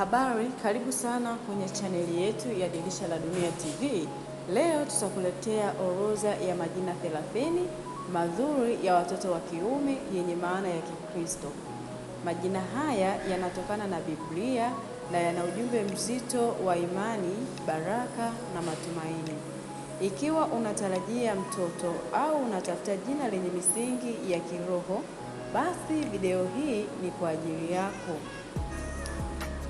Habari, karibu sana kwenye chaneli yetu ya Dirisha la Dunia TV. Leo tutakuletea orodha ya majina 30 mazuri ya watoto wa kiume yenye maana ya Kikristo. Majina haya yanatokana na Biblia na yana ujumbe mzito wa imani, baraka na matumaini. Ikiwa unatarajia mtoto au unatafuta jina lenye misingi ya kiroho, basi video hii ni kwa ajili yako.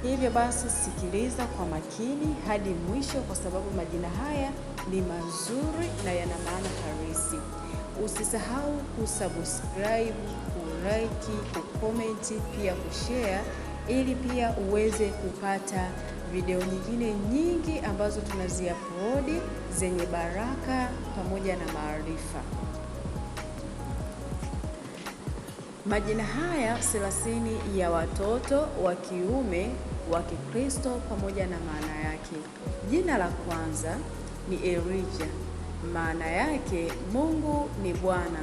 Hivyo basi sikiliza kwa makini hadi mwisho, kwa sababu majina haya ni mazuri na yana maana halisi. Usisahau kusubscribe, kulike, kukomenti, pia kushare, ili pia uweze kupata video nyingine nyingi ambazo tunaziupload zenye baraka pamoja na maarifa. Majina haya thelathini ya watoto wa kiume wa Kikristo pamoja na maana yake. Jina la kwanza ni Erija, maana yake Mungu ni Bwana.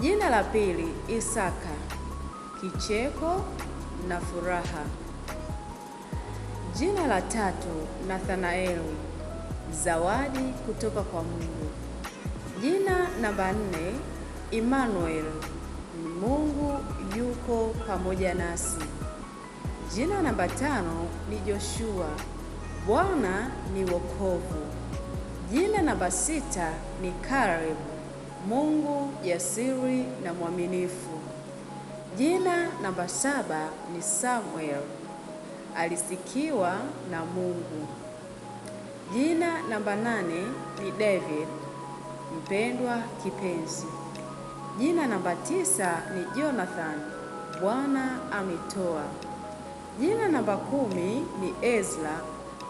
Jina la pili Isaka, kicheko na furaha. Jina la tatu Nathanael, zawadi kutoka kwa Mungu. Jina namba nne Emmanuel Mungu yuko pamoja nasi. Jina namba tano ni Joshua, Bwana ni wokovu. Jina namba sita ni Caleb, Mungu jasiri na mwaminifu. Jina namba saba ni Samuel, alisikiwa na Mungu. Jina namba nane ni David, mpendwa kipenzi. Jina namba tisa ni Jonathan, Bwana ametoa. Jina namba kumi ni Ezra,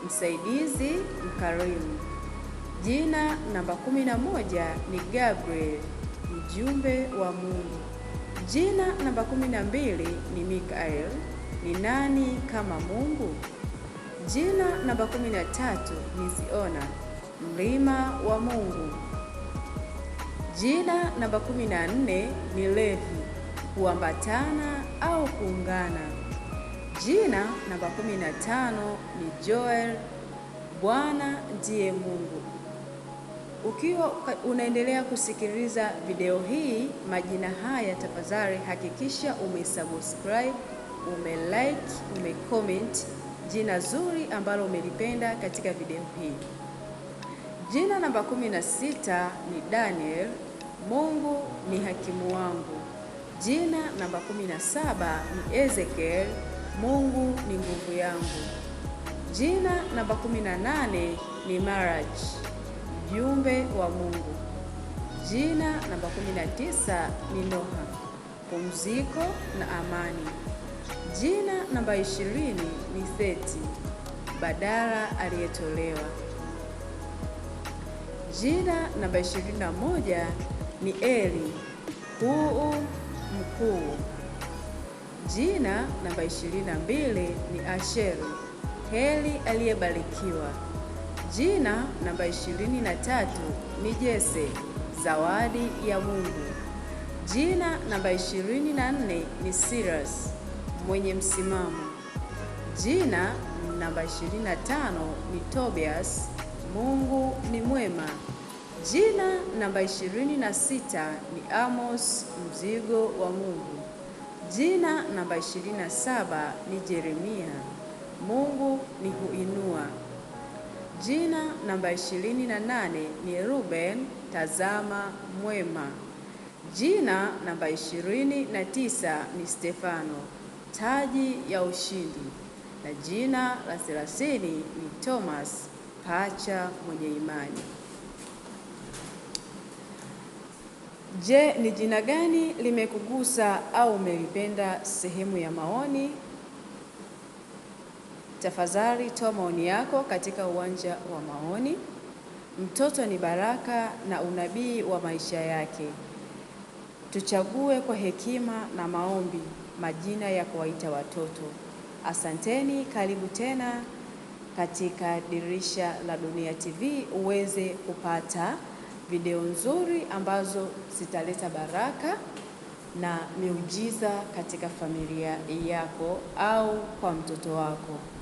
msaidizi mkarimu. Jina namba kumi na moja ni Gabriel, mjumbe wa Mungu. Jina namba kumi na mbili ni Mikael, ni nani kama Mungu? Jina namba kumi na tatu ni Ziona, mlima wa Mungu. Jina namba 14 ni Levi, kuambatana au kuungana. Jina namba 15 ni Joel, Bwana ndiye Mungu. Ukiwa unaendelea kusikiliza video hii, majina haya tafadhali hakikisha umesubscribe, umelike, umecomment jina zuri ambalo umelipenda katika video hii. Jina namba kumi na sita ni Daniel, Mungu ni hakimu wangu. Jina namba kumi na saba ni Ezekiel, Mungu ni nguvu yangu. Jina namba kumi na nane ni Maraj, mjumbe wa Mungu. Jina namba kumi na tisa ni Noha, pumziko na amani. Jina namba ishirini ni Seti, badala aliyetolewa. Jina namba 21 ni Eli, huu mkuu. Jina namba 22 ni Asheri, heli aliyebarikiwa. Jina namba 23 ni Jese, zawadi ya Mungu. Jina namba 24 ni sirus mwenye msimamo. Jina namba 25 ni Tobias Mungu ni mwema. Jina namba 26 ni Amos Mzigo wa Mungu. Jina namba 27 ni jeremia Mungu ni huinua. Jina namba 28 ni Ruben, tazama mwema. Jina namba 29 ni Stefano, taji ya ushindi. Na jina la 30 ni Thomas, pacha mwenye imani. Je, ni jina gani limekugusa au umelipenda? Sehemu ya maoni, tafadhali toa maoni yako katika uwanja wa maoni. Mtoto ni baraka na unabii wa maisha yake. Tuchague kwa hekima na maombi majina ya kuwaita watoto. Asanteni, karibu tena katika Dirisha la Dunia TV uweze kupata video nzuri ambazo zitaleta baraka na miujiza katika familia yako au kwa mtoto wako.